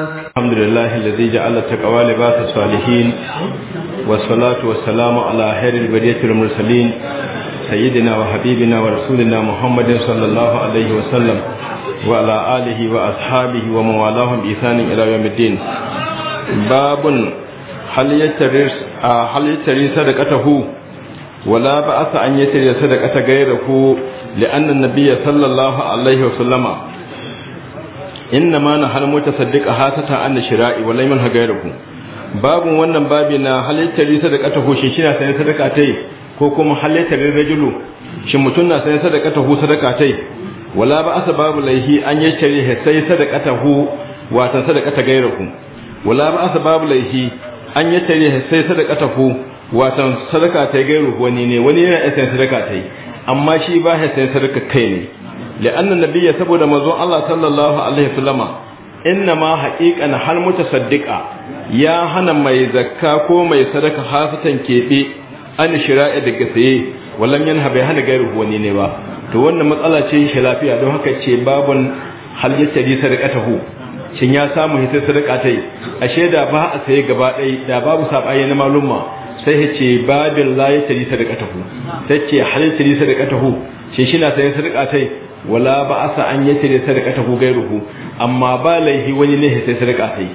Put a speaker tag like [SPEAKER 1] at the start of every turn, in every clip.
[SPEAKER 1] الحمد لله الذي جعل التقوى لباس الصالحين والصلاة والسلام على خير البرية المرسلين سيدنا وحبيبنا ورسولنا محمد صلى الله عليه وسلم وعلى آله وأصحابه ومن والاهم بإحسان إلى يوم الدين باب هل يتري هل يتري صدقته ولا بأس أن يتري صدقة غيره لأن النبي صلى الله عليه وسلم inna ma na hal mutasaddiqa hasata an shira'i wa layman hagairuhu babun wannan babi na halittari sadaka ta hushin shi na sanin sadaka ta yi ko kuma halittari rajulu shi mutun na sanin sadaka ta hu sadaka ta yi wala ba asa babu laihi an yi tare sai sadaka ta hu watan sadaka ta gairaku wala ba asa babu laihi an yi tare sai sadaka ta hu watan sadaka ta gairu wani ne wani yana sanin sadaka ta yi amma shi ba ya sanin sadaka kai ne li'anna nabiya saboda mazon Allah sallallahu alaihi wasallama inna ma haqiqan hal mutasaddiqa ya hana mai zakka ko mai sadaka hasatan kebe an shira'i daga saye wallan yanha bai hana gairu wani ne ba to wannan matsala ce shi lafiya don haka ce babun hal yattari shin ya samu hita sadaka tai ashe da ba a saye gaba da babu sabaye na malumma sai ya ce babin la ya tari sadakatahu sai ce hal tari sadakatahu shi shi na sayan sadakatai wala ba asa an yace da sadaka ta ku gairuhu amma ba laihi wani ne sai sadaka sai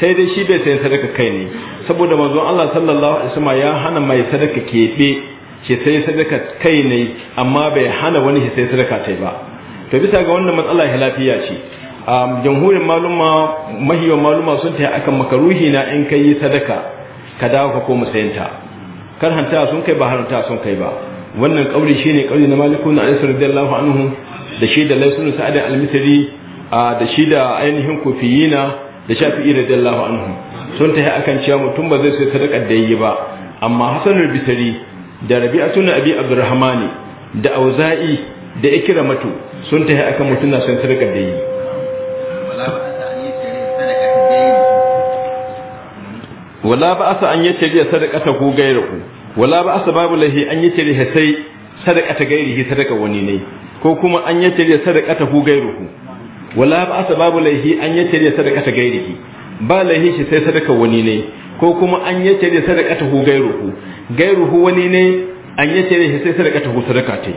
[SPEAKER 1] sai dai shi bai sai sadaka kai ne saboda manzon Allah sallallahu alaihi wasallam ya hana mai sadaka kebe shi sai sadaka kai ne amma bai hana wani shi sai sadaka tai ba to bisa ga wannan matsala hilafiya ce jamhurin maluma mahiyo maluma sun ta akan makaruhi na in kai sadaka ka dawo ka koma sayanta karhanta sun kai ba ta sun kai ba wannan kauri shine kauli na malikun na anas radiyallahu anhu da shi da laisunu sa'adin almitari da shi da ainihin kufiyina da da Allah anhu sun yi akan cewa mutum ba zai sai sadaka da yi ba amma hasanul bisari da rabi'a sunan abi abdurrahmani da auza'i da ikramatu sun yi akan mutum na san sadaka da yi wala ba asa an yace sadaka ta ku gairu wala ba asa babu lahi an yace riya sai sadaka ta gairihi sadaka wani ne ko kuma an yi tare sadaka ta hu gairuhu wala ba asa babu laihi an yi tare sadaka ta gairihi ba laihi shi sai sadaka wani ne ko kuma an yi tare sadaka ta hu gairuhu gairuhu wani ne an yi tare shi sai sadaka ta hu sadaka ta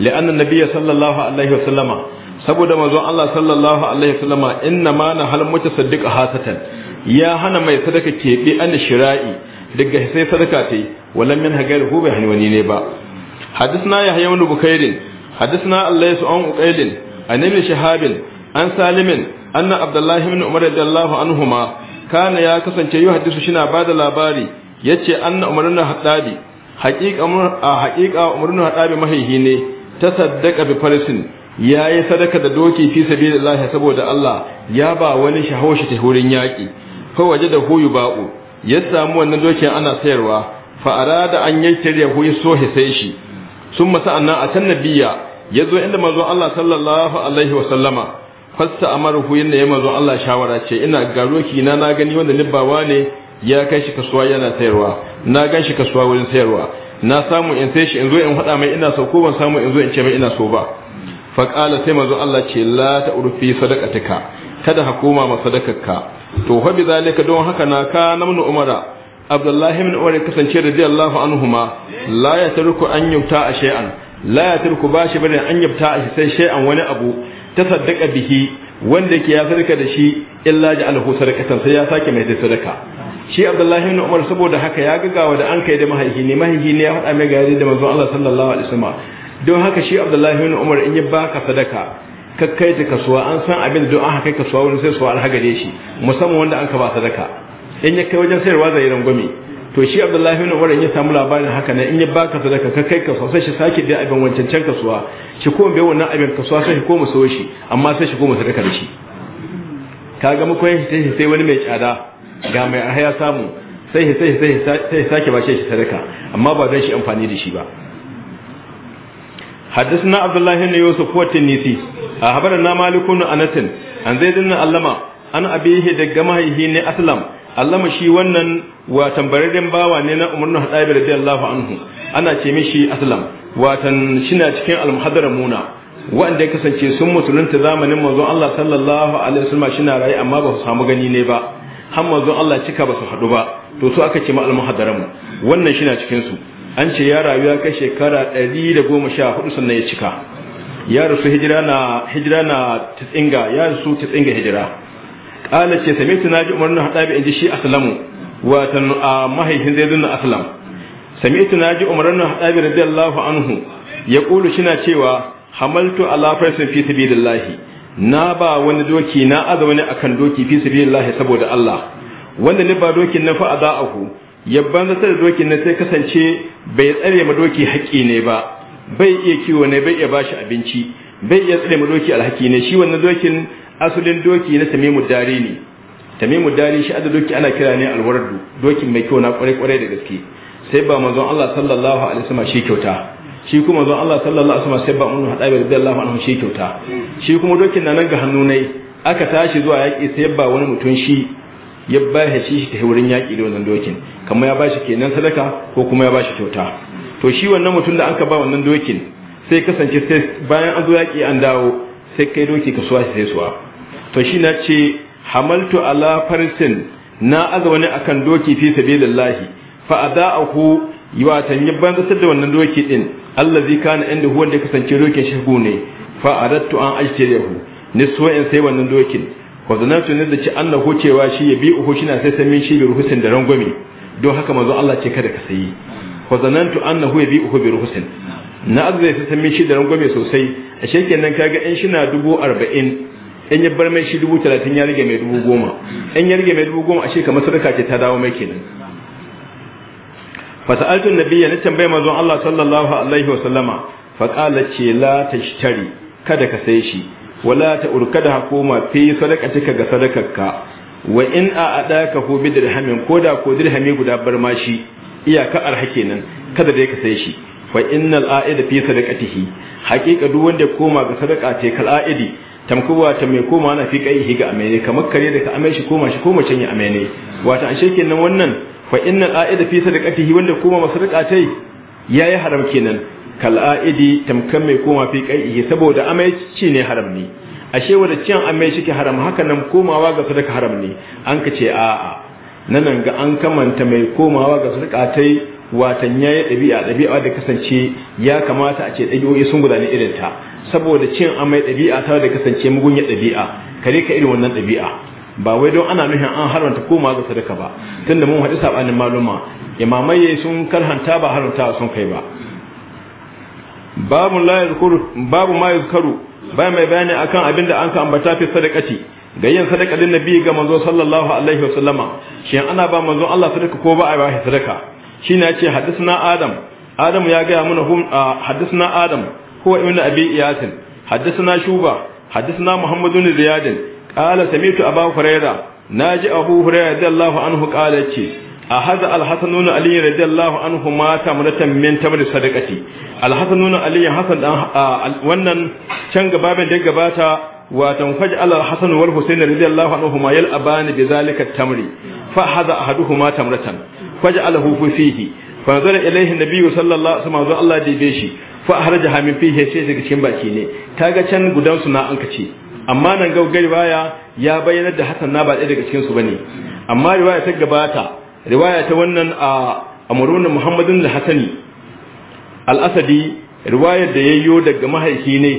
[SPEAKER 1] la'anna nabiyya sallallahu alaihi wa wasallama saboda manzon Allah sallallahu alaihi wasallama inna ma na hal mutasaddiq hasatan ya hana mai sadaka keɓe an shira'i daga sai sadaka ta yi walan min hagar hu bai hani wani ne ba حدثنا يحيى بن بكير حدثنا الليث عن عقيل عن ابن شهاب عن سالم أن عبد الله بن عمر رضي الله عنهما كان يا كسن يحدث شنا بعد لاباري yace anna umar ibn hattabi haqiqa haqiqa umar ibn hattabi mahihi ne ta saddaka bi farisin yayi sadaka da doki fi sabilillah saboda Allah ya ba wani shi ta hurin yaki fa da huyu baƙu. ya samu wannan dokin ana sayarwa fa arada an yaktari hu yaso sai shi sun masa annan a can nabiya ya zo inda mazo Allah sallallahu alaihi wa sallama fasta amaruhu yadda ya mazo Allah shawara ce ina garoki na na gani wanda nibbawa ne ya kai shi kasuwa yana sayarwa na gan kasuwa wurin sayarwa na samu in sai shi in zo in faɗa mai ina so ko ban samu in zo in ce mai ina so ba fa qala sai mazo Allah ce la ta urfi sadaqataka kada hukuma ma sadakarka to fa bi zalika don haka na ka namnu umara abdullahi ibn umar ya kasance radiyallahu anhuma la yatruku an yubta a shay'an la yatruku ba shi bane an yubta a sai shay'an wani abu ta saddaka bihi wanda yake ya sadaka da shi illa ja'alahu sadaqatan sai ya sake mai sadaka shi abdullahi ibn umar saboda haka ya gagawa da an kai da mahaifi ne mahaifi ne ya faɗa mai gari da manzon Allah sallallahu alaihi wasallam don haka shi abdullahi ibn umar in ya baka sadaka kakkai da kasuwa an san abin da don an haka kasuwa wani sai su alhagare shi musamman wanda an ka ba sadaka in ya kai wajen sayarwa zai rangwame to shi abdullahi ibn umar ya samu labarin haka ne in ya baka sadaka ka kai kasuwa sai shi sake da abin wancan can kasuwa shi ko bai wannan abin kasuwa sai shi koma so shi amma sai shi koma sadaka da shi kaga koyi shi sai wani mai tsada ga mai ya samu sai shi sai sai sai sake bace shi sadaka amma ba zai shi amfani da shi ba حدثنا عبد الله بن يوسف والتنيسي أخبرنا مالك بن أنس عن زيد بن علمة عن أبيه دجمه ne أسلم allama shi wannan wa tambararren bawa ne na umarnu hadabi Allahu anhu ana ce mishi aslam watan shina cikin almuhadara muna wanda ya kasance sun musulunta zamanin manzon Allah sallallahu alaihi wasallam shina rayi amma ba su samu gani ne ba har manzon Allah cika ba su hadu ba to su aka ce ma mu wannan shina cikin su an ce ya rayu ya kai shekara 114 sannan ya cika ya rasu hijira na hijira na tsinga ya rasu tsinga hijira ala ce sami'tu ji umar ibn hadabi inji shi aslamu a mahaifin zai dinna aslam sami'tu ji umar ibn hadabi radiyallahu anhu ya shi na cewa hamaltu ala faisin fi sabilillah na ba wani doki na aza wani akan doki fi sabilillah saboda Allah wanda ni ba dokin na fa ada'ahu yabban da sai dokin na sai kasance bai tsare ma doki haƙi ne ba bai iya kiwo ne bai iya bashi abinci bai iya tsare ma doki alhaki ne shi wannan dokin asulin doki na tamimu dari ne tamimu dari shi adda doki ana kira ne alwardu dokin mai kyau na kwarai kwarai da gaske sai ba manzon Allah sallallahu alaihi wasallam shi kyauta shi kuma manzon Allah sallallahu alaihi wasallam sai ba mun hada radiyallahu anhu shi kyauta shi kuma dokin nan ga hannu ne aka tashi zuwa yaki sai ba wani mutum shi ya ba shi shi ta wurin yaki da wannan dokin kamar ya bashi kenan sadaka ko kuma ya bashi kyauta to shi wannan mutum da aka ba wannan dokin sai kasance sai bayan an zo yaki an dawo sai kai doki suwa sai suwa fa shi na ce hamaltu ala farsin na aza wani akan doki fi sabilillahi fa adaahu watan ya bangasar da wannan doki din allazi kana inda huwa da kasance dokin shagu ne fa aradtu an ajtiyahu ni so in sai wannan dokin wa zanatu ne da ce annahu cewa shi ya bi uku shi na sai min shi bi ruhusin da rangwame don haka manzo Allah ce kada ka sayi wa zanantu annahu ya uku bi ruhusin na azza sai min shi da rangwame sosai a shekenan kaga in shi na dubu arba'in in yi bar mai shi dubu talatin ya rage mai dubu goma in ya rage mai dubu goma ashe kamar sadaka ce ta dawo mai kenan fasa'altun nabiyya na tambaye manzon Allah sallallahu alaihi wa sallama fa qala ce la tashtari kada ka sai shi wala ta urkada koma fi sadaqatika ga sadakarka wa in a adaka hu bi dirhamin koda ko dirhami guda bar ma shi iyaka arha kenan kada dai ka sai shi fa innal a'ida fi sadaqatihi Hakika duk wanda koma ga sadaka ce kal a'idi tamkuwa ta mai koma na fi shi ga amene kamar kare da ka amai shi koma shi koma can ya amene wata an shekin nan wannan fa inna al'aida fi sadaqatihi wanda koma masarqa tai yayi haram kenan kal aidi tamkan mai koma fi shi saboda amai shi ne haram ne ashe wanda cin amai shi ke haram haka nan komawa ga sadaka haram ne an ka ce a'a nan ga an kamanta mai komawa ga sadaka tai watan yayi dabi'a dabi'a da kasance ya kamata a ce dabi'o'i sun gudane irin ta saboda cin amai ɗabi'a ta da kasance mugunyar ɗabi'a kare ka irin wannan ɗabi'a ba wai don ana nufin an haramta ko ga sadaka ba tunda mun haɗu sabanin maluma imamai sun karhanta ba haramta sun kai ba babu la yadhkuru babu ma yadhkuru ba mai bayani akan abin da an ka ambata fi sadakati ga yin sadaka din nabi ga manzo sallallahu alaihi wasallama shin ana ba manzo Allah sadaka ko ba a ba shi sadaka shine yace hadisna adam adam ya ga mana hum hadisna adam هو ابن أبي إياس حدثنا شوبة حدثنا محمد بن زياد قال سمعت أبا هريرة ناجي أبو هريرة رضي الله عنه قال أخذ الحسن بن علي رضي الله عنه ما تمرة من تمر صدقتي الحسن بن علي حسن wannan can gababen da gabata watan faj'al al-hasan wal husayn radiyallahu anhuma yal'abani bi zalika at-tamri fa hadha ahaduhuma tamratan faj'alahu fihi fanzara ilaihi nabiyyu sallallahu alaihi wasallam Allah dibe shi fa ahrajaha min fihi sai daga cikin baki ne kaga can gudan su na an kace amma nan ga riwaya ya bayyana da hasan na ba dai daga cikin su bane amma riwaya ta gabata riwaya ta wannan a amrun muhammadin da hasani al-asadi riwayar da yayyo daga mahaifi ne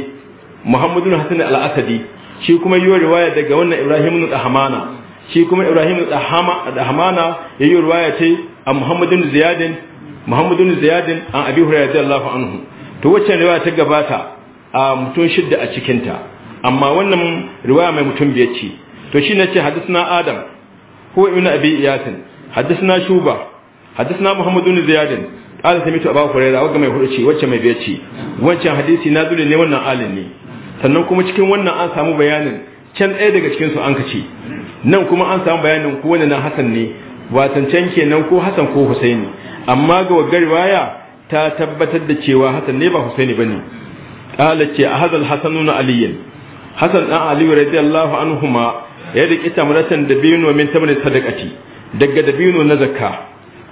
[SPEAKER 1] muhammadin hasani al-asadi shi kuma yayyo riwaya daga wannan ibrahim ibn ahmana shi kuma ibrahim ibn ahmana yayyo riwaya ce a muhammadin ziyadin muhammadu ziyadin an abi hurairah radiyallahu anhu to wacce riwaya ta gabata a mutum shidda a cikin ta amma wannan riwaya mai mutum biyar ce to shi nace hadisna adam ko ibnu abi iyasin hadisna shuba hadisna muhammadu ziyadin qala samitu abu hurairah wanda mai hudu ce wacce mai biyar ce wancan hadisi na zure ne wannan ne. sannan kuma cikin wannan an samu bayanin can ɗaya daga cikinsu an kace nan kuma an samu bayanin ko wannan hasan ne watan can kenan ko hasan ko husaini amma ga wagga waya ta tabbatar da cewa hasan ne ba husaini bane qala ce ahadal hasanun aliyin hasan dan ali radiyallahu anhuma ya riki tamratan da biyu min tamrin sadaqati daga da biyu na zakka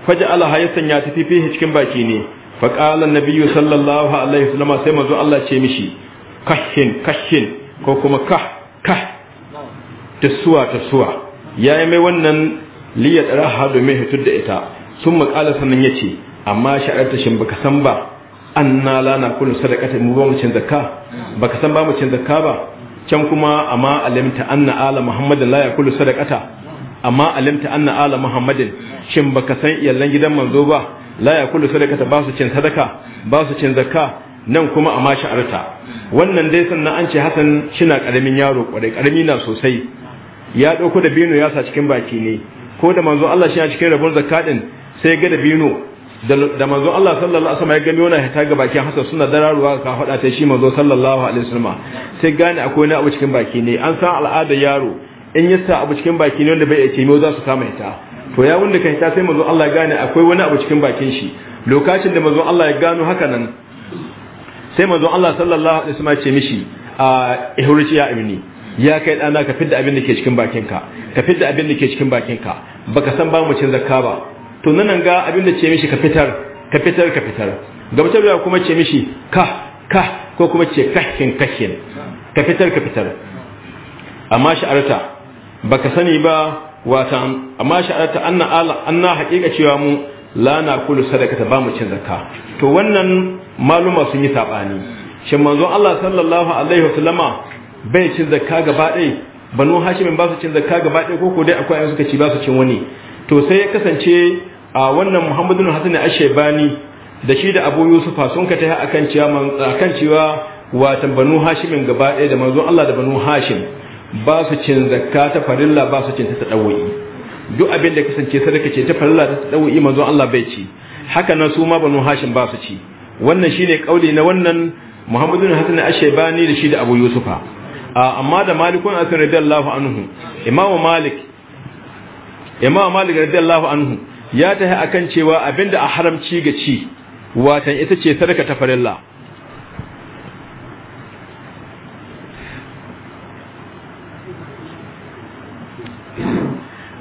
[SPEAKER 1] faja ala ya tafi ta cikin baki ne fa qala annabiyyu sallallahu alaihi wasallam sai manzo Allah ce mishi kashin kashin ko kuma kah kah tasuwa tasuwa yayi mai wannan liya tsara domin hitar da ita sun makala sannan ya ce amma sha'arta shi baka san ba an na lana kullum sadakata mu ba mu cin zakka baka san ba mu cin zakka ba can kuma amma alimta anna ala muhammadin la yakulu sadakata amma alimta anna ala muhammadin shin baka san iyallan gidan manzo ba la yakulu sadakata ba su cin sadaka ba su cin zakka nan kuma amma sha'arta wannan dai sannan an ce hasan shina karamin yaro kwarai karami na sosai ya dauko da bino ya sa cikin baki ne ko da manzo Allah shi a cikin rabon zakka din sai ga dabino da manzo Allah sallallahu alaihi wasallam ya gani wannan hita ga bakin Hassan suna dararuwa ka faɗa ta shi manzo sallallahu alaihi wasallam sai gane akwai na abu cikin baki ne an san al'ada yaro in ya sa abu cikin baki ne wanda bai ce me za su kama hita to ya wanda ka hita sai manzo Allah ya gane akwai wani abu cikin bakin shi lokacin da manzo Allah ya gano haka nan sai manzo Allah sallallahu alaihi wasallam ya ce mishi a ihurci ya ibni ya kai dana ka fidda abin da ke cikin bakinka ka fidda abin da ke cikin bakinka baka san ba mu cin zakka ba to nan ga abin da ce mishi ka fitar ka fitar ka fitar da kuma ce mishi ka ka ko kuma ce kahkin kahkin ka fitar ka fitar amma sha'arta baka sani ba wata amma sha'arta anna ala anna haƙiƙa cewa mu la na kullu sadaqata ba mu cin zakka to wannan maluma sun yi sabani shin manzo Allah sallallahu alaihi wasallama bai cin zakka gaba ɗaya banu hashimin ba su cin zakka gaba ɗaya ko ko dai akwai ayyuka ci ba su cin wani to sai ya kasance a wannan muhammadu hasan ashebani da shi da abu yusufa sun ka taya akan cewa akan cewa watan banu hashimin gaba ɗaya da manzon Allah da banu hashim ba su cin zakka ta farilla ba su cin ta tadawi duk abin da kasance sadaka ce ta farilla ta tadawi manzon Allah bai ci haka nan su ma banu hashim ba su ci wannan shine kauli na wannan muhammadu hasan ashebani da shi da abu yusufa amma da malikun asirin radiyallahu anhu imamu malik imamu malik radiyallahu anhu ya yi akan cewa abinda a haramci ga ci watan ita ce sadaka ta farilla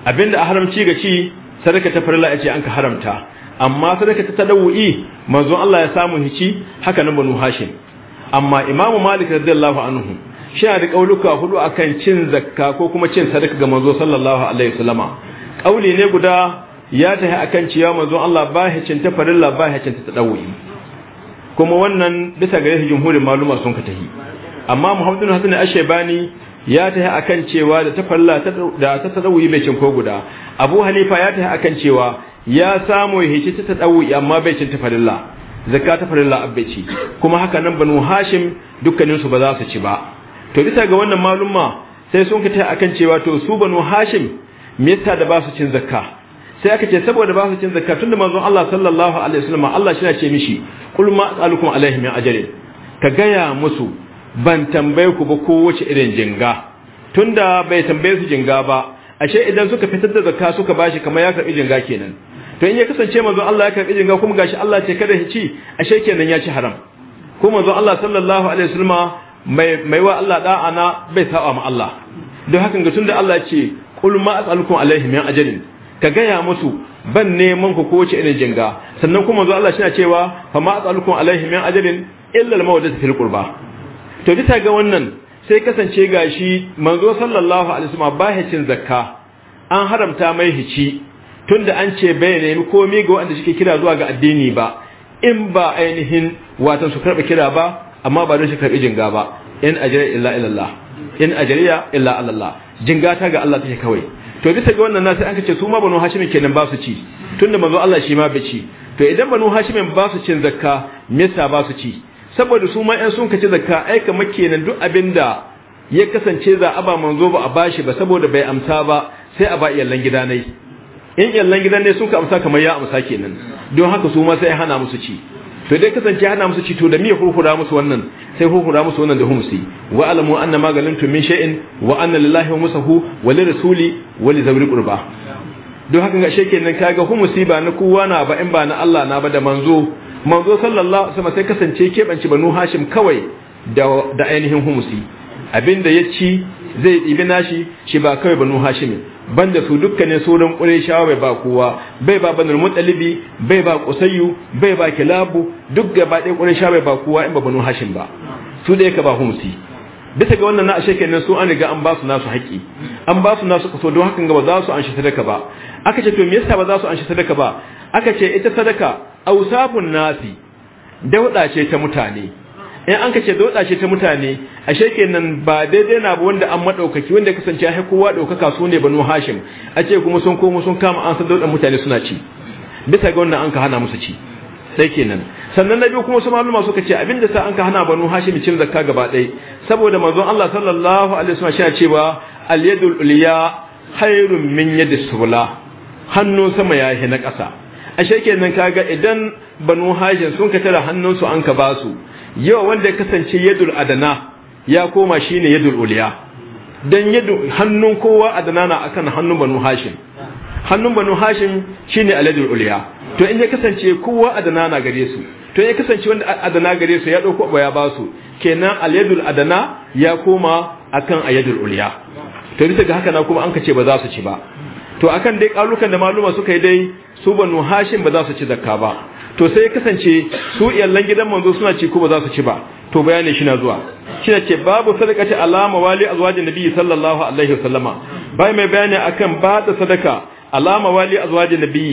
[SPEAKER 1] abinda a haramci ga ci sadaka ta farilla ce an ka haramta amma sadaka ta tadawu'i manzo Allah ya samu hici haka nan banu hashim amma imamu malik radiyallahu anhu shi da kauluka hudu akan cin zakka ko kuma cin sadaka ga manzo sallallahu alaihi wasallama kauli ne guda ya tahi akan cewa manzo Allah ba ya cinta farilla ba ya cinta tadawuyi kuma wannan bisa ga jumhurin maluma sun ka tahi amma Muhammadu Hassan al-Shaybani ya tahi akan cewa da ta farilla da ta tadawuyi bai cin ko guda Abu Hanifa ya tahi akan cewa ya samu hici ta tadawuyi amma bai cinta farilla zakka ta farilla abbaci kuma haka nan banu Hashim dukkanin su ba za su ci ba to bisa ga wannan maluma sai sun ka tahi akan cewa to su banu Hashim me da ba su cin zakka sai aka ce saboda ba su cin zakka tunda manzon Allah sallallahu alaihi wasallam Allah shi ya ce mishi kul ma as'alukum alaihi min ajrin ka gaya musu ban tambaye ku ba ko wace irin jinga tunda bai tambaye su jinga ba ashe idan suka fitar da zakka suka bashi kamar ya karbi jinga kenan to in ya kasance manzon Allah ya karbi jinga kuma gashi Allah ce kada shi ci ashe kenan ya ci haram ko manzon Allah sallallahu alaihi wasallam mai mai wa Allah da'ana bai saba ma Allah don haka ga tunda Allah ce kul ma as'alukum alaihi min ajrin ka gaya musu ban neman ku kowace irin jinga sannan kuma zuwa Allah shina cewa fa ma asalukum alaihi min ajalin illa al mawaddatu fil qurba to bisa ga wannan sai kasance gashi manzo sallallahu alaihi wasallam ba cin zakka an haramta mai hici tunda an ce bai nemi komai ga wanda suke kira zuwa ga addini ba in ba ainihin watan su karba kira ba amma ba don shi karbi jinga ba in ajriya illa illa Allah in ajriya illa Allah jinga ta ga Allah take kawai to bisa ga wannan nasu an kace su ma banu hashim kenan ba su ci tunda manzo Allah shi ma bai ci to idan banu hashim ba su cin zakka me yasa ba su ci saboda su ma ɗan sun kace zakka ai kamar kenan duk abinda ya kasance za a ba manzo ba a bashi ba saboda bai amsa ba sai a ba iyallan gida in iyallan gidan ne ka amsa kamar ya amsa kenan don haka su ma sai hana musu ci to dai kasance hana musu ci to da miya hurhura musu wannan sai hurhura musu wannan da humsi wa alamu anna magalantum min shay'in wa anna lillahi wa musahu wa lirrasuli wa li zawri qurba don haka ga nan kaga humusi ba na kowa na ba in ba na Allah na ba da manzo manzo sallallahu alaihi wasallam sai kasance kebanci banu hashim kawai da da ainihin humusi abinda ya ci zai ɗibi nashi shi ba kawai banu hashim banda su dukkanin sauran ƙureshawa bai ba kowa bai ba banul mutalibi bai ba kusayyu bai ba kilabu duk gaba ɗaya ƙureshawa bai ba kowa in ba banu hashin ba su da yake ba humsi bisa ga wannan na ashe kenan su an riga an ba su nasu haƙi an ba su nasu kaso don hakan ga ba za su an shi sadaka ba aka ce to me yasa ba za su an shi sadaka ba aka ce ita sadaka ausafun nasi dauda ce ta mutane in an kace ce dauda ce ta mutane ashe kenan ba daidai na ba wanda an madaukaki wanda kasance ya kowa daukaka su ne banu hashim a ce kuma sun komo sun kama an san daudan mutane suna ci bisa ga wannan an ka hana musu ci sai kenan sannan na biyu kuma su malama suka ce abinda sa an ka hana banu hashim cin zakka gaba dai saboda manzon Allah sallallahu alaihi wasallam shi ya cewa al yadul ulya khairun min yadis subla hannun sama ya na ƙasa ashe kenan kaga idan banu hashim sun ka tara hannunsu an ka basu yau wanda ya kasance yadul adana ya koma shine yadul uliya Don yadu hannun kowa adana na akan hannun banu hashim hannun banu hashim shine aladul uliya to in ya kasance kowa adana na gare su to ya kasance wanda adana gare su ya ɗauko ba ya ba su kenan aladul adana ya koma akan ayadul uliya to bisa ga haka na kuma an kace ba za su ci ba to akan dai kalukan da maluma suka yi dai su banu hashim ba za su ci zakka ba to sai ya kasance su iyallan gidan manzo suna ci ko ba za su ci ba to bayanin shi na zuwa shi ce babu sadaqati ala mawali azwajin nabi sallallahu alaihi wasallama bai mai bayani akan ba da sadaka ala mawali azwajin nabi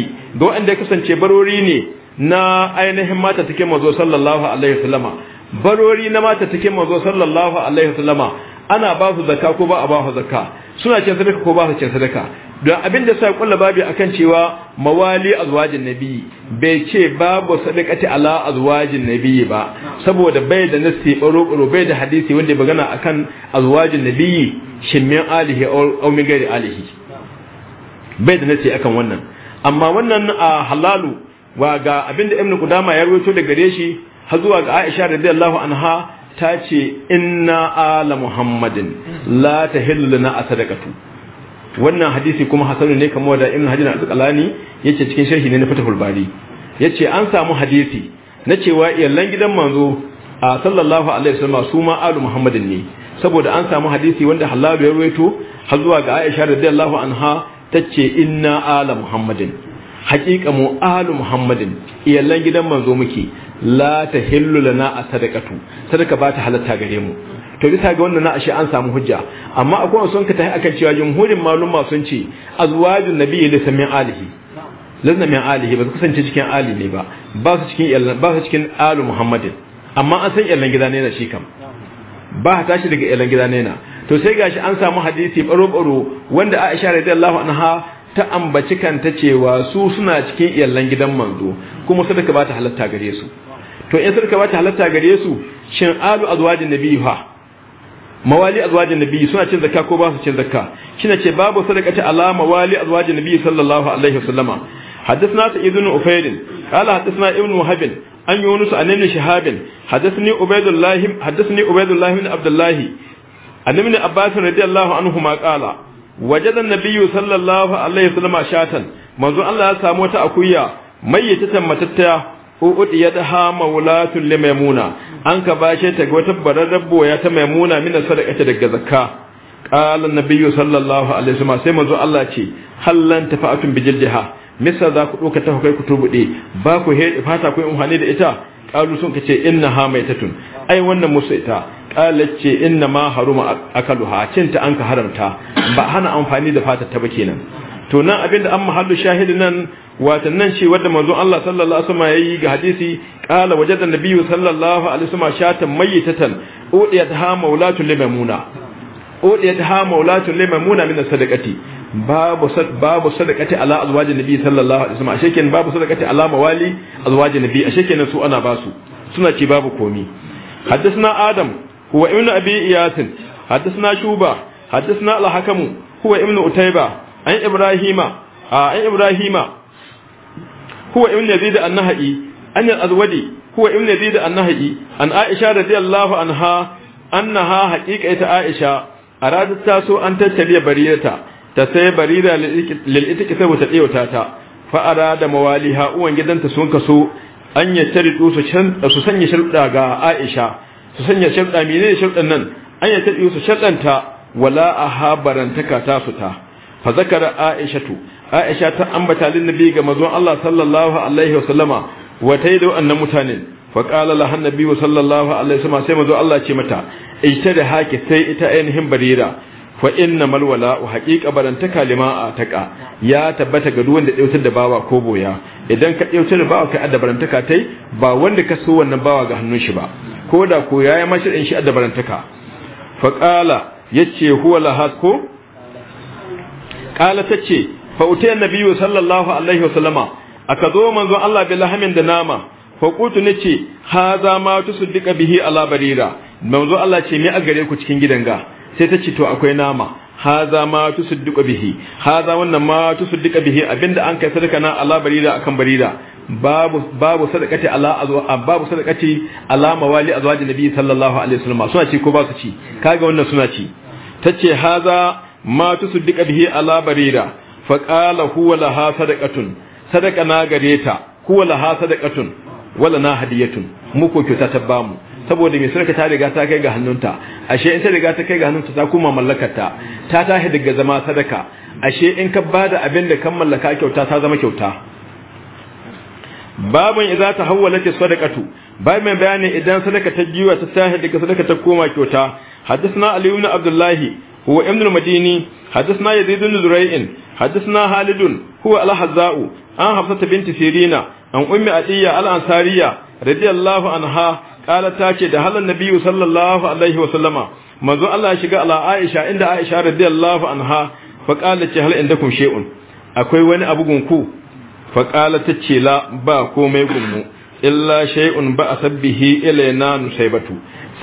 [SPEAKER 1] ga inda ya kasance barori ne na ainihin mata take manzo sallallahu alaihi wasallama barori na mata take manzo sallallahu alaihi wasallama ana ba su zakka ko ba a ba su zakka suna cin sadaka ko ba su cin sadaka don abin da sa kulla babu akan cewa mawali azwajin nabi bai ce babu sadaqati ala azwajin nabi ba saboda bai da nasi baro baro bai da hadisi wanda ya bagana akan azwajin nabi shimmin alihi aw min gairi alihi bai da nasi akan wannan amma wannan a halalu wa ga abin da ibnu qudama ya rawaito daga gare shi har zuwa ga aisha radiyallahu anha ta ce inna ala muhammadin la tahillu lana sadaqatu wannan hadisi kuma hasanu ne kamar da ibn hajar al-asqalani yace cikin sharhi ne na fatahul bari yace an samu hadisi na cewa iyalan gidan manzo a sallallahu alaihi wasallam su ma alu muhammadin ne saboda an samu hadisi wanda halalu ya ruwaito har zuwa ga aisha radiyallahu anha tace inna ala muhammadin haqiqa mu alu muhammadin iyalan gidan manzo muke la tahillu lana a sadaqatu sadaka ba ta halatta gare mu to bisa ga wannan ashe an samu hujja amma akwai wasu sunka ka tafi akan cewa jumhurin maluma sun ce azwajun nabiyyi laysa min alihi lazna min alihi ba su kasance cikin ali ne ba ba su cikin ba su cikin alu muhammadin amma an san yallan gida ne na shi kam ba ta tashi daga yallan gida ne na to sai gashi an samu hadisi baro baro wanda Aisha radiyallahu anha ta ambaci kanta cewa su suna cikin yallan gidan manzo kuma sadaka ba ta halatta gare su to in sadaka ba ta halatta gare su shin alu azwajin nabiyyi fa mawali azwajin nabi suna cin zakka ko ba su cin zakka shine ce babu sadaqati ala mawali azwajin nabi sallallahu alaihi wasallama حدثنا سعيد بن عفير قال حدثنا ابن وهب عن يونس عن ابن شهاب حدثني عبيد الله حدثني عبيد الله بن عبد الله عن ابن عباس رضي الله عنهما قال وجد النبي صلى الله عليه وسلم شاة منذ الله ya samu wata akuya mai ta uqudi yadha maulatun li maimuna an ka bashe ta ga wata bararrar boya ta maimuna min sadaqati daga zakka Ƙalan na nabiy sallallahu alaihi wasallam sai manzo Allah ce hallan tafa'atun jiha misa za ku ɗauka ta kai ku turbude ba ku hede fata ku umhani da ita qalu sun kace inna ha tun? ai wannan ita? qalat ce inna ma haruma akaluha cinta an ka haramta ba hana amfani da fata ta ba kenan to nan abin da an mahallu shahidi nan watan nan ce wadda manzon Allah sallallahu alaihi wasallam yayi ga hadisi qala wajada nabiyyu sallallahu alaihi wasallam shatan mayyitatan udiyat ha maulatu limamuna udiyat ha maulatu limamuna min sadaqati babu babu sadaqati ala azwajin nabi sallallahu alaihi wasallam shekin babu sadaqati ala mawali azwajin nabi ashe kenan su ana basu suna ce babu komi حدثنا آدم هو ابن أبي إياس حدثنا شوبة حدثنا الحكم هو ابن أتيبة an ibrahima an ibrahima huwa ibn yazid an-nahai an an al azwadi huwa ibn yazid an an aisha radiyallahu anha annaha haqiqata aisha aradat taso an tattabiya barirata ta sai barira lil itiqi ta diwata ta fa arada mawaliha uwan gidanta sun kaso an ya tari su su sanya sharuɗa ga Aisha su sanya sharuɗa mene ne sharuɗan nan an ya tari su ta wala a habarantaka ta su ta fa zakara aishatu aisha ta ambata lin nabi ga manzon Allah sallallahu alaihi wasallama wa taidu annan mutanen fa qala lahan nabi sallallahu alaihi wasallama sai manzon Allah ce mata da haki sai ita ainihin barira fa inna mal wala wa haqiqa baranta kalima a taqa ya tabbata ga duwan da dautar da bawa ko boya idan ka dautar da bawa kai addabarantaka tai ba wanda ka so wannan bawa ga hannun shi ba ko da ko yayi mashirin shi addabarantaka fa qala yace huwa lahat ko kala tace fa utiya nabiyyu sallallahu alaihi wasallama aka zo manzon Allah bi lahamin da nama fa qutu nace haza ma tusaddiqa bihi ala barira manzon Allah ce me a gare ku cikin gidan ga sai ta ce to akwai nama haza ma tusaddiqa bihi haza wannan ma tusaddiqa bihi abinda an kai sadaka na ala barira akan barira babu babu sadaqati ala azwa babu sadaqati ala mawali azwajin nabi sallallahu alaihi wasallam suna ci ko ba su ci kaga wannan suna ci tace haza ma tusdika bihi ala barira fa qala huwa laha sadaqatun sadaka na gare ta huwa laha sadaqatun wala na hadiyatun mu ko kyauta ta bamu saboda me sarka ta riga ta kai ga hannunta ashe in ta riga ta kai ga hannunta ta kuma mallakarta ta tahi daga zama sadaka ashe in ka bada abin da kan mallaka kyauta ta zama kyauta babin idza tahawwalat sadaqatu bai mai bayani idan sadaka ta jiwa ta tashi daga sadaka ta koma kyauta hadisna ali ibn abdullahi هو ابن المديني حدثنا يزيد بن زريع حدثنا خالد هو الحذاء عن حفصه بنت سيرين عن ام عطيه الانصاريه رضي الله عنها قالت تاكي ده هل النبي صلى الله عليه وسلم manzo Allah ya shiga ala Aisha inda Aisha radiyallahu anha fa qalat ce hal indakum shay'un akwai wani abu gunku fa qalat ce la ba komai gunmu illa shay'un ba asabbihi ilaina nusaybatu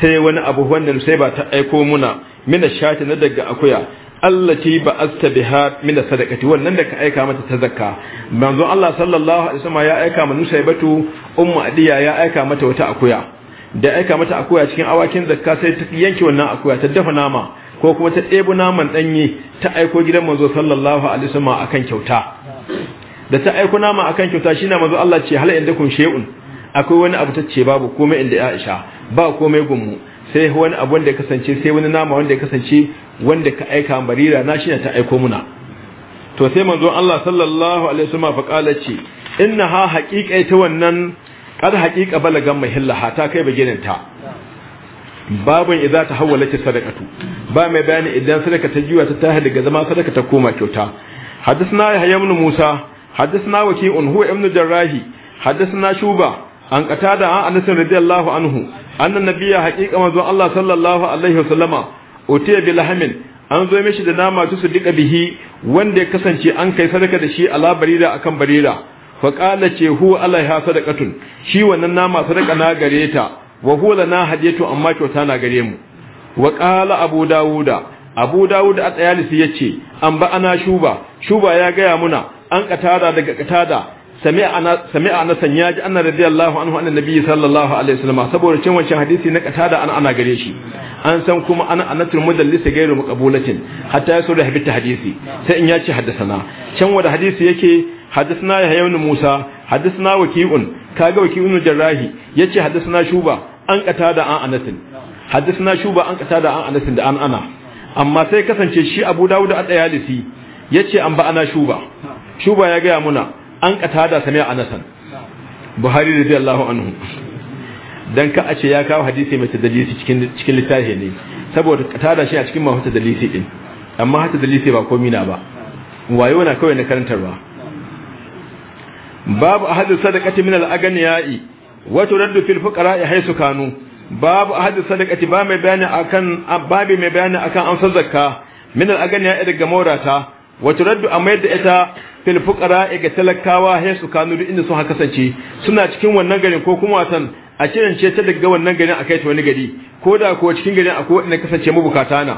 [SPEAKER 1] sai wani abu wanda ba ta aiko muna mina shati na daga akuya allati ba astabiha min sadaqati wannan da ka aika mata ta zakka manzo Allah sallallahu alaihi wasallam ya aika mana nusaybatu ummu adiya ya aika mata wata akuya da aika mata akuya cikin awakin zakka sai ta yanke wannan akuya ta dafa nama ko kuma ta ɗebo naman ɗanye ta aiko gidan manzo sallallahu alaihi wasallam akan kyauta da ta aiko nama akan kyauta shi na manzo Allah ce hal inda kun shay'un akwai wani abu ta ce babu komai inda Aisha ba komai gunmu sai wani abu wanda ya kasance sai wani nama wanda ya kasance wanda ka aika barira na shi ta aiko muna to sai manzo Allah sallallahu alaihi wasallam fa kala ce inna ha haqiqa ita wannan kada haqiqa balagan hillaha ta kai baginin ta babun idza tahawwalat sadaqatu ba mai bayani idan sadaka ta jiwa ta tahi daga zama sadaka ta koma kyauta hadisna yahya ibn musa حدثنا وكيع هو ابن جراحي حدثنا shuba. an qatada an anas radiyallahu anhu annan nabiyya haqiqa manzo Allah sallallahu alaihi wasallama utiya bil hamin an zo mishi da nama su dika bihi wanda ya kasance an kai sadaka da shi ala barira akan barira fa qala ce hu ha sadaqatun shi wannan nama sadaka na gareta ta wa huwa lana hadiyatu amma kyauta na gare mu wa qala abu dawuda abu dauda a tsayalisi ya an ba ana shuba shuba ya gaya muna an katada daga katada sami'a ana sami'a ana san yaji anna radiyallahu anhu anna nabi sallallahu alaihi wasallam saboda cin wancan hadisi na katada an ana gare shi an san kuma ana anatul mudallis gairu maqbulatin hatta yaso da habita hadisi sai in yace haddasana can wanda hadisi yake حدثنا يحيى بن موسى حدثنا وكيع كاغا وكيع بن جراح يجي حدثنا شوبا an katada da an anasin hadisna shuba an katada an anatin da an ana amma sai kasance shi abu dawud a tsayalisi ya ce an ba ana shuba shuba ya gaya muna an qatada sami'a nasan. buhari Allahu anhu dan ka a ce ya kawo hadisi mai tadalisi cikin cikin littafi ne saboda da shi a cikin mahu tadalisi din amma hata tadalisi ba komi na ba wayo na kawai na karantarwa babu a da sadaqati min al-aghniyai wato raddu fil ya haisu kanu babu ahadu sadaqati ba mai bayani akan babi mai bayani akan amsar zakka min ya yi daga maurata wato raddu a mayar da ita fil fukara e ga talakawa hay su kanu inda sun haka kasance suna cikin wannan garin ko kuma san a cikin ce ta daga wannan garin akai ta wani gari ko da ko cikin garin akwai wanda kasance mabukata na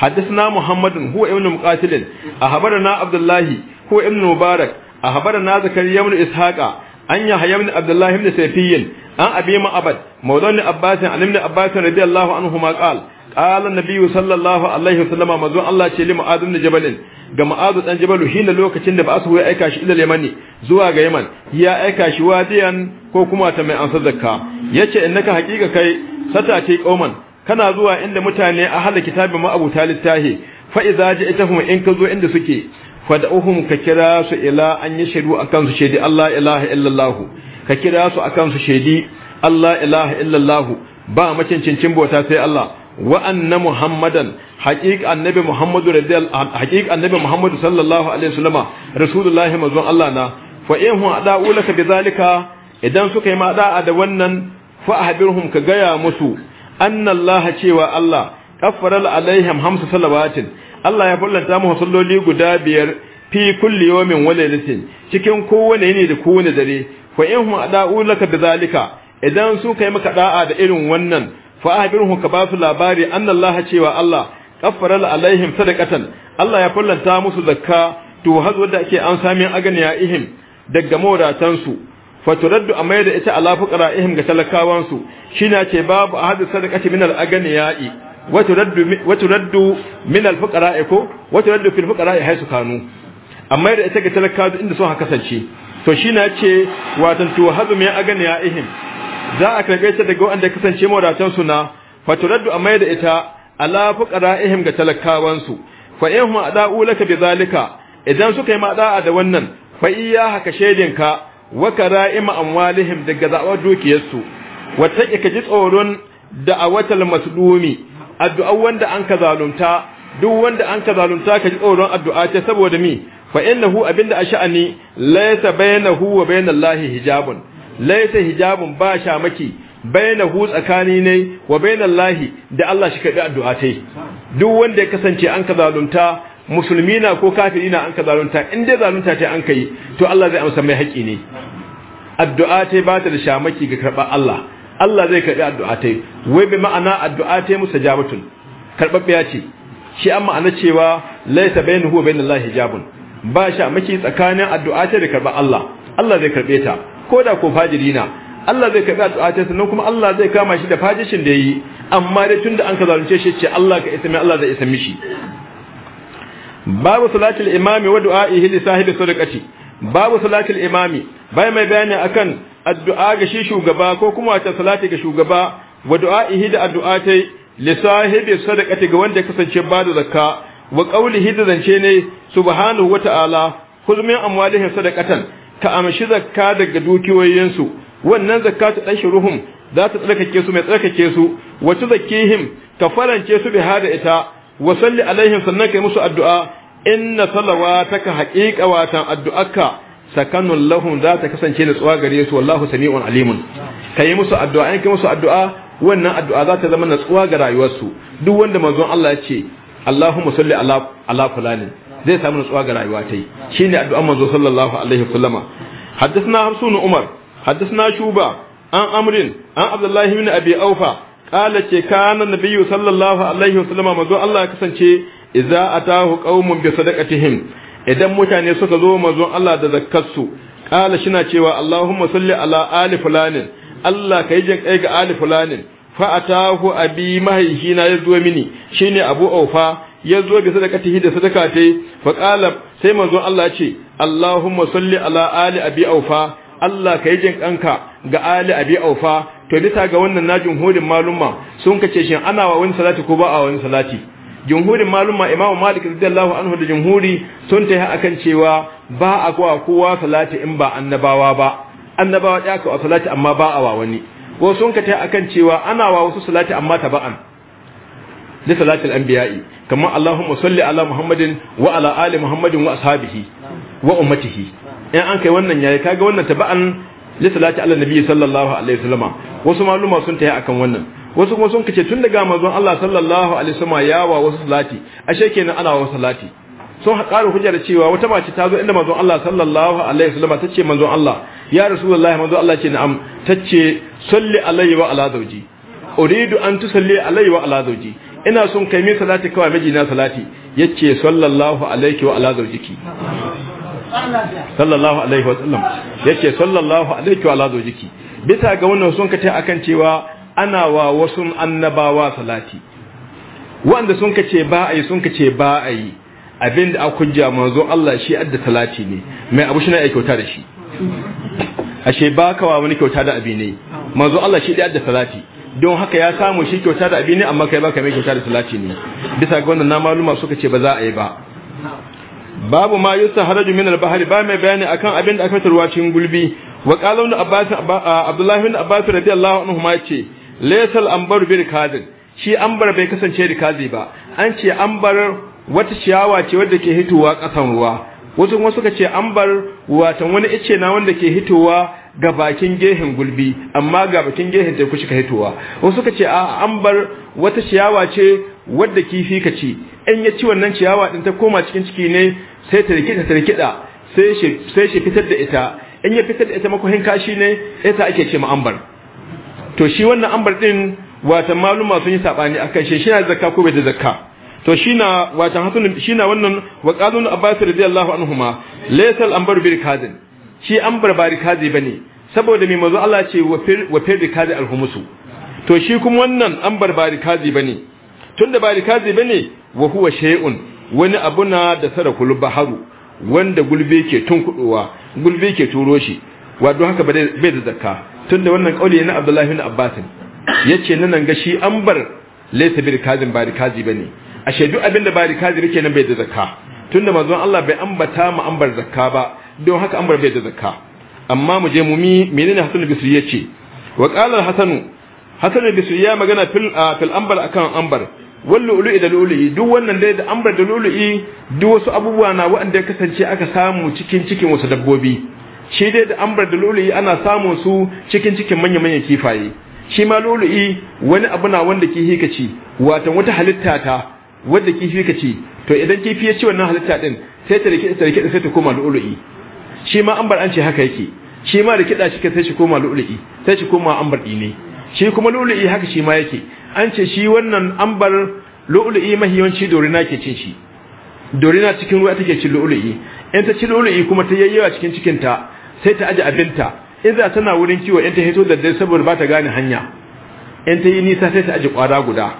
[SPEAKER 1] hadisna muhammadin huwa ibn muqatilin a na abdullahi huwa ibn mubarak a habarana zakariya ibn ishaqa an ya hayya ibn abdullahi ibn sayfiyyin an abi ma abad mawdani abbasin alimni abbasin radiyallahu anhu ma qala صلى الله sallallahu alaihi ما manzo Allah ce li mu'adun da jabal ga ma'azu dan jabalu hina lokacin da ba su ya aika shi ila yamani zuwa ga yaman ya aika shi wadiyan ko kuma ta mai ansar zakka yace innaka haqiqa kai sata ce kauman kana zuwa inda mutane a hala kitabin ma abu talittahi fa idza ja'atuhum in ka zo inda suke fad'uhum ka kira su ila an yashhadu akan su shaidi Allah ilaha illallah ka kira su akan su shaidi Allah ilaha illallah ba cin bota sai Allah wa anna muhammadan haqiqa annabi muhammadu radiyallahu haqiqa annabi muhammadu sallallahu alaihi wasallama rasulullahi mazun Allah na fa in hu ada'u laka bizalika idan suka yi mada da wannan fa ahbirhum ka gaya musu anna Allah cewa Allah kaffara alaihim hamsa salawatin Allah ya fullanta mu salloli guda biyar fi kulli yawmin wa laylatin cikin kowane yini da kowane dare fa in hu ada'u laka bizalika idan suka yi maka da'a da irin wannan fa ahbirhum ka basu labari annallaha cewa Allah kaffara alaihim sadaqatan Allah ya kullanta musu zakka to hazo da ake an samin aganiya ihim daga moratan su fa turaddu amai da ita ala fuqara ihim ga talakawan su shine ce babu ahadu sadaqati min alaganiya'i wa turaddu wa turaddu min alfuqara ko wa turaddu fil fuqara haisu kanu amma da ita ga talakawa inda sun haka kasance to shi na ce watan to hazu mai agani ihim za a karɓe ta daga wanda kasance mawadatan su na faturaddu amma da ita ala ihim ga talakawan su fa in hum ada'u laka zalika. idan suka yi mada'a da wannan fa iya haka shedinka wa kara'ima amwalihim daga zawar dukiyarsu wata ka ji tsoron da'awatal maslumi addu'a wanda an ka zalunta duk wanda an ka zalunta ka ji tsoron addu'a ce saboda mi fa innahu abinda asha'ani laysa bainahu wa bainallahi hijabun laisa hijabun ba shamaki baina hu tsakani ne wa baina Allahi da Allah shi kaɗi addu'a ta yi. duk wanda ya kasance an ka zalunta musulmi na ko kafiri na an ka zalunta in dai zalunta ta an kai to Allah zai amsa mai haƙi ne addu'a ta ba ta da shamaki ga karɓar Allah Allah zai karɓi addu'a ta yi. wai bi ma'ana addu'a ta musa jabatun karɓaɓɓiya ce shi an ma'ana cewa laisa hu wa baina bainallahi hijabun ba shamaki tsakanin addu'a ta da karɓar Allah Allah zai karɓe ta ko da ko fajiri na Allah zai kaɗa addu'a ta sannan kuma Allah zai kama shi da fajishin da ya yi. amma dai tun da an ka zalunce shi ce Allah ka isa mai Allah zai isa mishi babu salatul imami wa du'a'ihi li sahibi sadaqati babu salatul imami bai mai bayani akan addu'a ga shi shugaba ko kuma salati ga shugaba wa du'a'ihi da addu'a tai li sahibi sadaqati ga wanda ya kasance ba da zakka wa qaulihi da zance ne subhanahu wa ta'ala khudh min amwalihim sadaqatan ka amshi zakka daga dukiyoyinsu wannan zakka ta dan ruhum za ta tsarkake su mai tsarkake su wa tuzakkihim ka farance su bi hada ita wa salli alaihim sannan kai musu addu'a inna salawataka haqiqa watan addu'aka sakanun lahum za ta kasance da tsawa gare su wallahu sami'un alimun kai musu addu'a in kai musu addu'a wannan addu'a za ta zama natsuwa ga rayuwarsu duk wanda manzon Allah ya ce Allahumma salli ala ala fulani zai samu nutsuwa ga rayuwa ta yi Shi ne addu'an manzo sallallahu alaihi wasallama haddathna hamsun umar haddathna shuba an amrin an abdullahi ibn abi aufa qala ce kana nabiyyu sallallahu alaihi wasallama manzo Allah ya kasance idza atahu qaumun bi sadaqatihim idan mutane suka zo manzon Allah da zakkarsu qala na cewa Allahumma salli ala ali fulanin Allah kai jin kai ga ali fulanin fa atahu abi mahaihina ya zo mini shine abu aufa ya zo da sadaka ta hidda sadaka ta fa qala sai manzon Allah ya ce Allahumma salli ala ali abi aufa Allah ka yi jin kanka ga ali abi aufa to bisa ga wannan na jumhurin malumma sun kace shin ana wa wani salati ko ba a wani salati jumhurin malumma imam malik radiyallahu anhu da jumhuri sun ta yi akan cewa ba a kowa kowa salati in ba annabawa ba annabawa ya ka salati amma ba a wa wani ko sun kace akan cewa ana wa wasu salati amma taba'an li salatil anbiya'i kamar Allahumma salli ala Muhammadin wa ala ali Muhammadin wa ashabihi wa ummatihi an kai wannan yayi kaga wannan taba'an li ala nabi sallallahu alaihi wasallam wasu maluma sun tayi akan wannan wasu kuma sun kace tun daga manzon Allah sallallahu alaihi wasallam yawa wasu salati ashe kenan ana wasu salati sun haƙaru hujja da cewa wata mace ta zo inda manzon Allah sallallahu alaihi wasallam ta ce manzon Allah ya rasulullahi manzon Allah ce na'am ta ce salli alaihi wa ala zawji uridu an tusalli alaihi wa ala zawji ina son kai min salati kawai mijina salati yace sallallahu alaihi wa ala zawjiki sallallahu alaihi wa sallam yace sallallahu alaihi wa ala zawjiki bisa ga wannan sun kace akan cewa ana wa wasu annabawa salati wanda sun kace ba ai sun kace ba ai abinda akujja manzo Allah shi adda salati ne mai abu shi na kyauta da shi ashe ba kawa wani kyauta da abi ne manzo Allah shi da adda salati don haka ya samu shi kyauta da abin ne amma kai baka mai kyauta da salati ne bisa ga wannan na maluma suka ce ba za a yi ba babu ma yusa haraju min al-bahri ba mai bayani akan abin da aka fitar wacin gulbi wa qala ibn abbas abdullah ibn abbas radiyallahu anhu ma ce laysal anbar bil kadin shi ambar bai kasance da kazi ba an ce ambar wata ciyawa ce wadda ke hitowa kasan ruwa wasu kuma suka ce ambar watan wani ice na wanda ke hitowa ga bakin gehen gulbi amma ga bakin gehen teku shi ka hitowa wasu suka ce a an bar wata ciyawa ce wadda kifi ka ci in ya ci wannan ciyawa din ta koma cikin ciki ne sai ta rike ta da sai shi sai shi fitar da ita in ya fitar da ita hin kashi ne ita ake ce ma ambar to shi wannan ambar din wata maluma sun yi sabani akan shi shi na zakka ko bai da zakka to shina wata hasan shina wannan wa qalun abbas radiyallahu anhuma laysa al-ambar bil kadin shi an barbari kazi bane saboda mai mazu Allah ce wa firri kazi alhumusu to shi kuma wannan an barbari kazi bane tun da bari kazi bane wa huwa shay'un wani abu na da sarakul baharu wanda gulbe ke tunkudowa gulbe ke turo shi wato haka bai da zakka tun da wannan kauli na Abdullahi bin Abbas yace nan ga shi an bar laysa bil kazin bari kazi bane A shaidu abinda bari kazi yake nan bai da zakka tunda manzon Allah bai ambata mu ambar zakka ba don haka an bar bai da zakka amma mu je mu mi menene hasan bisri yace wa qala hasan hasan bisri ya magana fil ah, fil anbar akan anbar wallu ulu'i da lu'lu'i duk wannan dai da anbar da lu'lu'i duk wasu abubuwa na waɗanda ya kasance aka samu cikin cikin wasu dabbobi shi dai da anbar da lu'lu'i ana samu su cikin cikin manyan manyan kifaye shi ma lu'lu'i wani abu na wanda ke hikaci wato wata halitta ta wanda ke hikaci. to idan kifi ya ci wannan halitta din sai ta rike ta rike sai ta koma lu'lu'i shi ma an bar an ce haka yake shi ma da kiɗa shike sai shi koma lu'lu'i sai shi koma bar ne shi kuma lu'lu'i haka shi ma yake an ce shi wannan an bar lu'lu'i mahiyanci dorina ke cin shi dorina cikin ruwa take cin lu'lu'i in ta ci lu'lu'i kuma ta yayyawa cikin cikin ta sai ta aje abinta idan tana wurin kiwo in ta hito da dai saboda ba ta gane hanya in ta yi nisa sai ta aje kwara guda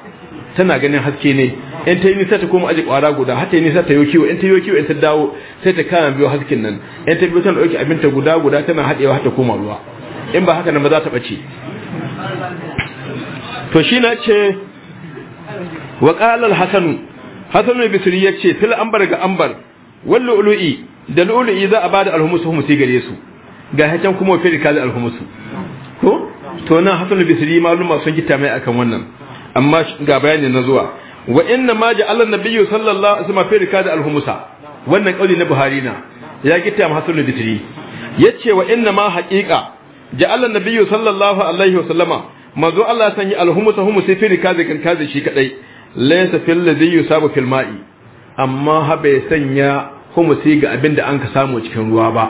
[SPEAKER 1] tana ganin haske ne in ta yi nisa ta koma aji kwara guda har ta yi nisa ta yi kiwo in ta yi kiwo in ta dawo sai ta kama biyo haskin nan in ta biyo tana ɗauki abinta guda guda tana haɗewa har ta koma ruwa in ba haka nan ba za ta ɓace to shi na ce wa ƙalar hasanu hasanu bisiri ya ce an bar ga an ambar wal lu'lu'i da lu'lu'i za a ba da alhumusu humusi gare su ga hakan kuma wa fi rikali alhumusu ko to na hasanu bisiri maluma sun gita mai akan wannan amma ga bayanin na zuwa wa inna ma ja'ala nabiyyu sallallahu alaihi wasallam fi rikad al-humusa wannan kauli na buhari na ya gita ma hasul litri yace wa inna ma haqiqa ja'ala nabiyyu sallallahu alaihi wasallam mazu Allah sanya al-humusa humusi fi rikad kan kaza shi kadai laysa fil ladhi yusabu fil ma'i amma haba bai sanya humusi ga abinda an ka samu cikin ruwa ba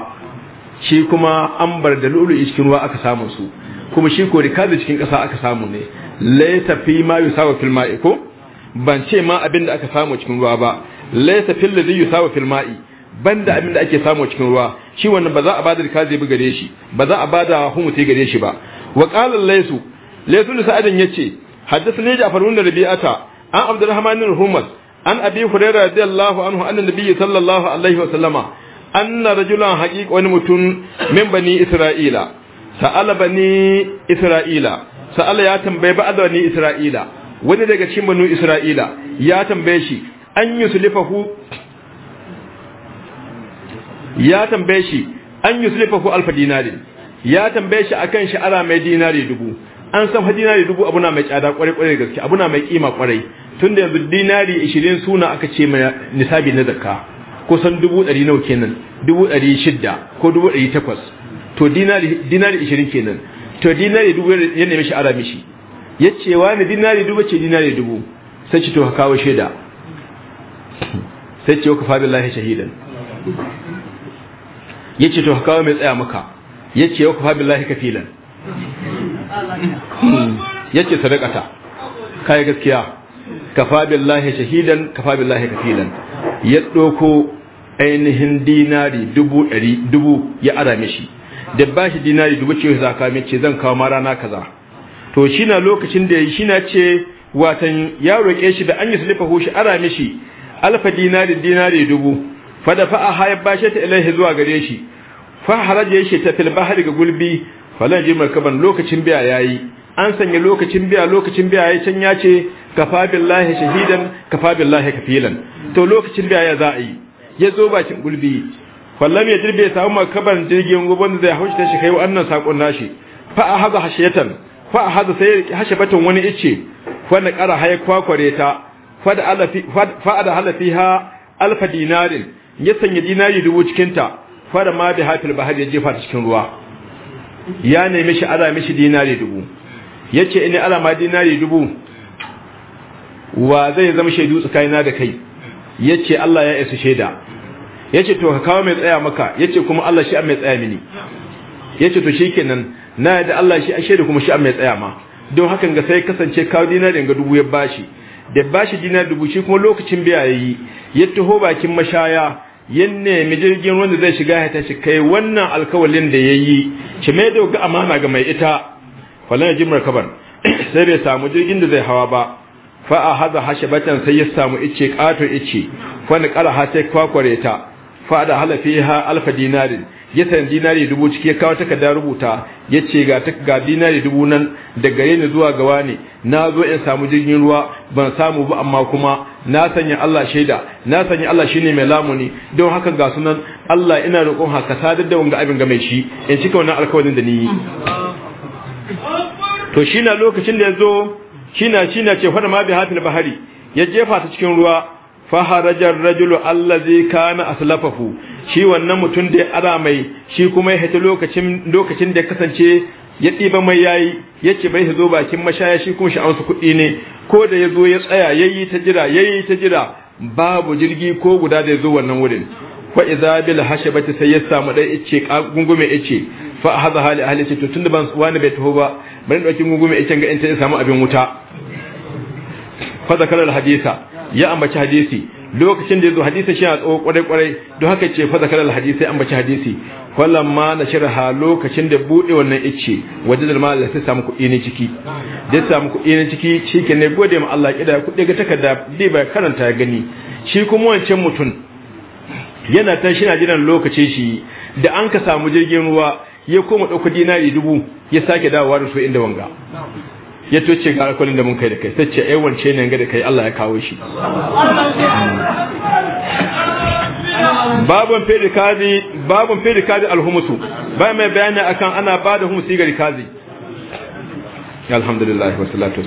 [SPEAKER 1] shi kuma ambar da lulu cikin ruwa aka samu su kuma shi ko rikad cikin kasa aka samu ne laysa fi ma yusabu fil ma'i ko ban ce ma abin da aka samu cikin ruwa ba laysa fil ladhi yusawa fil ma'i banda abin da ake samu cikin ruwa shi wannan ba za a bada kazi bi gare shi ba za a bada humuti gare shi ba wa qala laysu laysu sa'adin yace haddathani ja'far ibn rabi'ata an abdurrahman ibn humas an abi hurairah radiyallahu anhu anna nabiyyi sallallahu alaihi wa sallama anna rajulan haqiq wani mutum min bani isra'ila sa'ala bani isra'ila sa'ala ya tambaye ba'da bani isra'ila wani daga cikin banu isra'ila ya tambaye shi an yuslifahu ya tambaye shi an yuslifahu alfa dinari ya tambaye shi akan shi ara mai dinari dubu an san dinari dubu abuna mai tsada kwarai kwarai gaske abuna mai kima kwarai tunda yanzu dinari 20 suna aka ce mai nisabi na zakka kusan dubu ɗari nawa kenan dubu ɗari shidda ko dubu ɗari takwas to dinari dinari 20 kenan to dinari dubu ya nemi ara mishi ya ce wa ne dinari dubu ce dinari dubu sai ce to ka kawo shaida sai ce wa kafa billahi shahidan ya ce to ka kawo mai tsaya maka ya ce wa kafa billahi kafilan ya ce sadakata kai gaskiya kafa billahi shahidan kafa billahi kafilan ya doko ainihin dinari dubu ɗari dubu ya ara mishi da ba shi dinari dubu ce za mai ce zan kawo ma rana kaza to shi na lokacin da shi na ce watan ya roƙe shi da an yi sulifa shi ara mishi alfa dinari dinari dubu fada fa'a hayar bashe ta ilaihi zuwa gare shi fa haraje shi ta fil bahari ga gulbi falan ji markaban lokacin biya yayi an sanya lokacin biya lokacin biya yayi can ya ce kafa billahi shahidan kafa billahi kafilan to lokacin biya ya za a yi ya zo bakin gulbi fallam ya dirbe samu markaban jirgin gubon da zai haushi ta shi kai wannan sakon nashi fa a haza hashiyatan fa hada sai ya hashe batun wani ice fa na kara haye kwakware ta fa da alafi fa da halafiha alfa dinarin ya sanya dinari dubu cikin ta fa da ma bi hafil bahar ya jefa cikin ruwa ya nemi shi ala mishi dinari dubu yace ina ala ma dinari dubu wa zai zama shaidu tsakanina da kai yace Allah ya isa shaida yace to ka kawo mai tsaya maka yace kuma Allah shi an mai tsaya mini yace to shikenan na yadda Allah shi ashe da kuma shi mai tsaya ma don hakan ga sai kasance kawo dinarin ga dubu ya bashi da bashi dina dubu shi kuma lokacin biya yayi ya taho bakin mashaya ya nemi jirgin wanda zai shiga ya tashi kai wannan alkawalin da yayi yi. mai da ga amana ga mai ita falan jimar markaban sai bai samu jirgin da zai hawa ba fa a haza hashabatan sai ya samu ice kato ice fa ni kala ha sai kwakware ta fa da halafiha alfa dinarin ya san dinari dubu ciki ya kawo takardar rubuta ya ce ga dinari dubu nan da gare ni zuwa gawa ne na zo in samu jirgin ruwa ban samu ba amma kuma na sanya Allah shaida na sanya Allah shine mai lamuni don haka ga sunan Allah ina roƙon haka sadar da wanga abin ga mai shi in cika wannan alƙawarin da ni yi to shi na lokacin da ya zo shi na shi na ce fara ma bi na bahari ya jefa ta cikin ruwa faharajar rajulu allazi kana aslafahu shi wannan mutum da ya ara mai shi kuma ya haita lokacin lokacin da kasance ya ɗiba mai yayi ce bai zo bakin mashaya shi kuma sha'awansa kuɗi ne ko da ya zo ya tsaya ya yi ta jira ya yi ta jira babu jirgi ko guda da ya zo wannan wurin fa iza bil hashabati sai ya samu dai ice gungume ice fa hadha hali ahli ce to tunda ban wani bai taho ba bari dauki gungume ice ga in ta samu abin wuta fa zakara al hadisa ya ambaci hadisi lokacin da yazo hadisi shi a tsawo kwarai kwarai don haka ce fa zakaral hadisi an bace hadisi ma na nashirha lokacin da bude wannan ice wajen da mallan sai samu kuɗi ne ciki da samu kuɗi ne ciki ke ne gode ma Allah kida kuɗi ga takarda dai bai karanta gani shi kuma wancan mutum yana ta shi na jiran lokacin shi da an ka samu jirgin ruwa ya koma ɗauka dinari dubu ya sake dawowa da su inda wanga ya toce ga alkolin da mun kai da kai sai ce ai wance ne ga da kai Allah ya kawo shi babun fi kazi babun fi kazi alhumusu ba mai bayani akan ana bada humusi ga kazi
[SPEAKER 2] alhamdulillah wassalatu